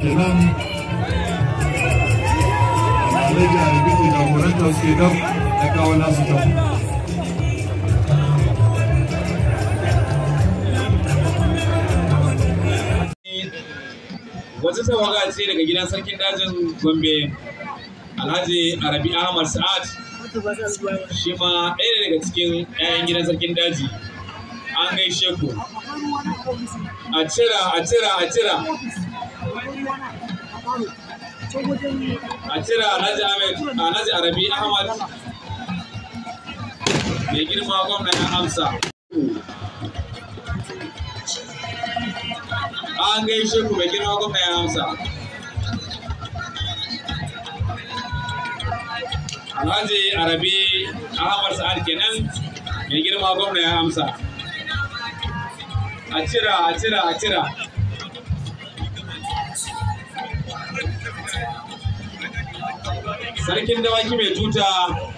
kenan alhaji alibi ke jagorantar su kenan da kawo nasu tafi wata tawaga ce daga gidan sarkin dajin gombe alhaji arabi ahmad sa'ad shi ma ɗaya daga cikin 'ya'yan gidan sarkin daji an gaishe ku a cira a cira a cira a cire alhaji ahmed alhaji arabi ahmad mai girma gwamna ya amsa an gaishe ku mai girma gwamna ya amsa alhaji arabi ahmad sa'ad kenan mai girma gwamna ya amsa a cira a cira a cira sarkin dawaki mai tuta